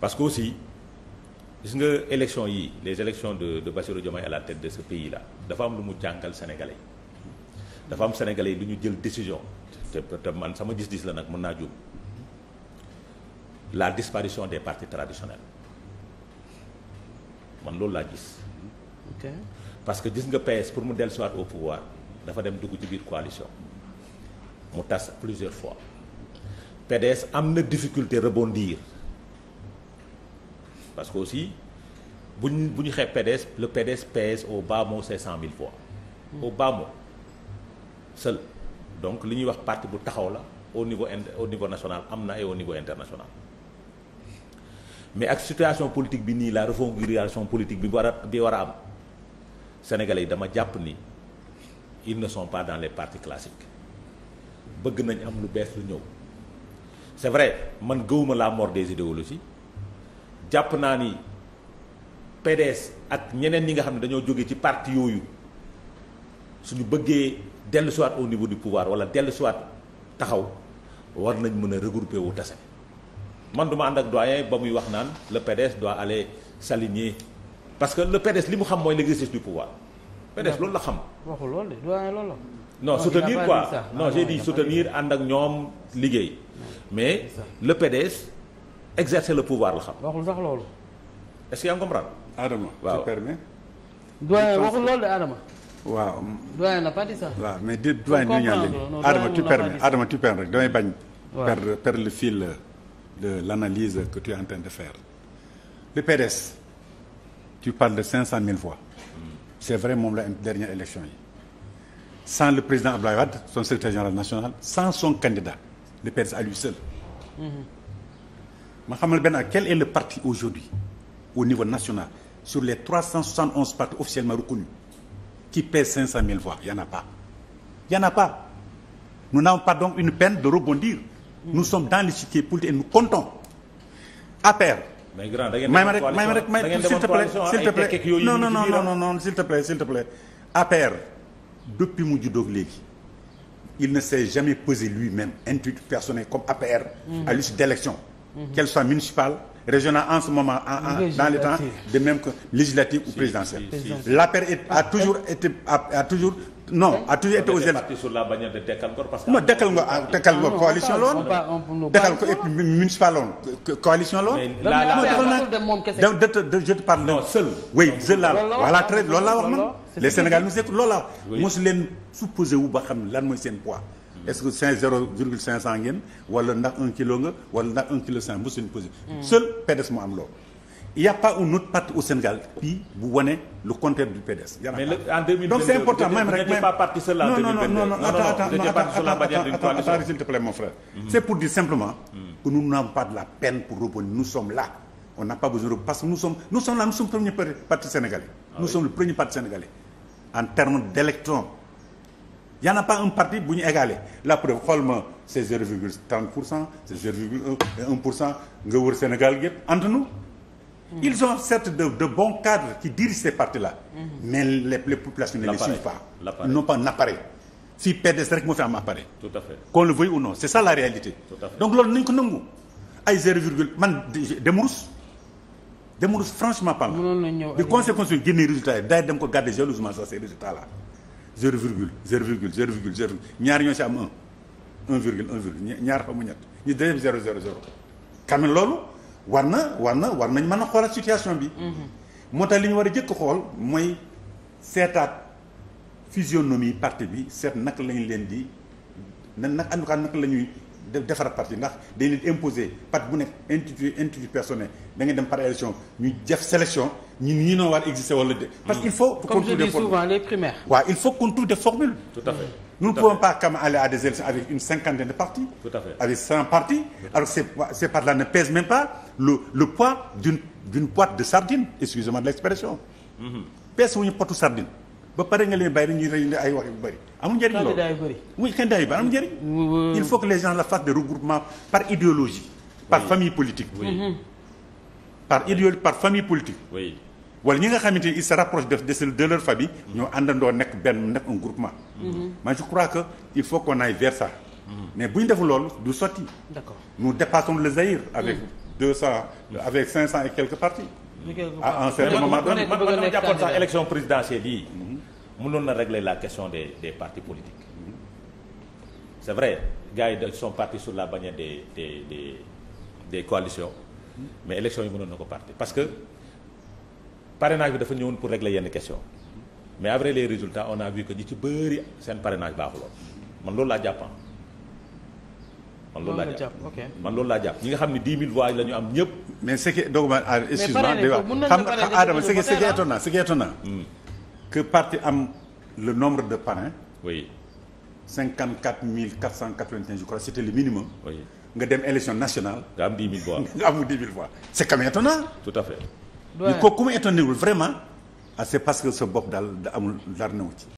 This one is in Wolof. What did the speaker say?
parce que aussi gis nga élection yi les élections de de Bassirou Diomaye à la tête de ce pays là dafa am lu mu jàngal sénégalais dafa am yi lu ñu jël décision te man sama gis-gis la nag mën naa jóg la disparition des partis traditionnels man loolu laa gis. ok parce que gis nga PS pour mu dellusiwaat au pouvoir dafa dem dugg ci biir coalition mu tas plusieurs fois PDS am na difficulté rebondir. parce que aussi bu ñu bu ñu xeeb PDS le PDS pèse au bas mot cinq cent mille voix au mm. bas mot donc li ñuy wax parti bu taxaw la au niveau au niveau national am na et au international mais ak situation politique bi nii la refondation politique bi war a war am sénégalais yi dama jàpp ni ils ne sont pas dans les partis classiques bëgg nañ am lu bees lu ñëw c'est vrai man gëwuma la mort des idéologies jàpp naa ni PDS ak ñeneen ñi nga xam ne dañoo jóge ci parti yooyu suñu bëggee dellu siwaat au niveau du pouvoir wala dellu siwaat taxaw war nañ mën a regrouper wu tase man duma ànd ak doyen ba muy wax naan le PDS doit aller s'aligner parce que le PDS li mu xam mooy l'exercice du pouvoir PDS loolu la xam. waxul loolu de doyen loolu la. non soutenir quoi non ah ànd ak ñoom liggéey mais le PDS. exercer le pouvoir la xam. waxul sax loolu. est-ce que yaa ngi comprendre. Adama waaw tu permets. waxul loolu de Adama. waaw. doyen n'a pas waaw mais di doyen ñu tu permets Adama tu permets rek bañ. perdre le fil de l'analyse que tu es en train de faire. le PDS tu parles de cinq cent mille voix. c'est vrai moom la dernière élection yi. sans le président Abdoulaye son secrétaire général national sans son candidat le PDS à lui seul. Mm-hmm. ma xamal benn quel est le parti aujourd'hui au niveau national sur les 371 partis officiellement reconnus qui pèsent 500 000 voix il y en a pas il y en a pas nous n'avons pas donc une peine de rebondir nous sommes dans l'échiquier politique et nous comptons APR mais grand depuis mu juddoog léegi il ne s'est jamais pesé lui-même intitut personnel comme APR à l'issue d'élection Mhm. qu'elles soient municipales régionales en ce moment en, en dans les temps de même que législatives ou présidentielles si, a ah, toujours été a, toujours non a toujours été aux élections sur la de Dekkal parce que non et ah, ah, municipal la woon coalition de je te parle non seul oui seul la voilà très loolu laa wax man les Sénégalais nous écoutent loolu supposé wu ba xam lan mooy seen poids est-ce que cinq zéro virgule cinq cent ngeen wala ndax un kilo nga wala ndax un kilo cinq mosuñu posé. Hmm. seul PDS moo am loolu. il y a pas une autre partie au Sénégal bii bu wane le contraire du PDS. mais le, en 2022 donc c'est important même rek même pas parti seul en 2022 non non non non attends attends attends attends s'il te plaît mon frère. Hmm. c'est pour dire simplement. Hmm. que nous n'avons pas de la peine pour revenir nous sommes là. on n'a pas besoin de parce que nous sommes nous sommes là nous sommes premier parti sénégalais. Ah nous sommes le en termes d'électrons. y en pas un parti bu ñu égalé la preuve xool ma c'est zéro virgule trente pour cent c'est zéro virgule un pour cent nga wër Sénégal yëpp entre nous hmm. ils ont certes de de bons cadres qui dirigent ces partis la hmm. mais les les populations ne les suivent pas ils n'ont un appareil fii PDS rek moo fi am appareil tout à fait le veuille ou non c'est ça la réalité tout à fait donc loolu nañ ko nangu ay zéro virgule man dem rus dem rus franchement parlant bi conseil constitutionnel génne résultat yi day dem ko garder zéro virgule zéro virgule zéro virgule zéro ñaar ñoo ci am un un virgule un virgule ñaar fa mu ñett ñu def zéro zéro zéro quand même loolu war na war na war nañ mën a xoolaat situation bi mm-hmm. moo tax li ñu war a jëkk xool mooy seetaat physionomie parti bi seet naka lañu leen di na nag en tout cas naka la ñuy defar parti ndax dañ leen imposer bu nekk intitulé intitulé personnel da ngay dem par élection ñu def sélection ñi ñi noo war exister wala dé parce qu'il faut qu'on trouve des il faut qu'on des formules. nous ne pouvons pas quand aller à des élections avec une cinquantaine de partis. avec cent partis. alors ces ces ne pèsent même pas le poids d'une boîte de sardines excusez de l'expression. Mm-hmm. pèse wu ñu potu sardine ba pare nga leen bàyyi dañuy ñuy ay wax yu bëri. amul il faut que les gens la fassent de regroupement mm-hmm. par idéologie. par famille politique. par idéologie par famille politique. wala ñi nga xamante ni ils se rapprochent de de de leur famille. ñoo àndandoo nekk benn nekk un groupement. Mm-hmm. man je crois que il faut qu'on aille vers ça. Mm-hmm. mais bu ñu deful loolu du sotti. d'accord nous dépassons le Zaïre. avec mm-hmm. deux cent avec cinq cent et quelques partis. à un certain moment donné man man dama jàppoon sax élection présidentielle yii. mënoon na régler la question des des partis politiques. c'est vrai gars yi dañ sont partis sur la bannière des des des des coalitions. mais élection yi mënoon na ko parce que. parrainage bi dafa ñëwoon pour régler yenn question mais après les résultats on a vu que ñi ci bëri seen parrainage baaxuloon man loolu laa jàppan man loolu laa jàpp ah. man loolu laa jàpp ñi nga xam ne 10 000 voix la ñu am ñëpp. mais ce qui donc ah, ah, man excuse-moi que parti am le nombre de parrains. oui. 54 491 je crois c'était le minimum. oui nga dem élection nationale. nga am 10 000 voix nga am tout à fait. ko ku mu étonné wul vraiment ah c'est parce que sa bopp daal da amul dara newu ci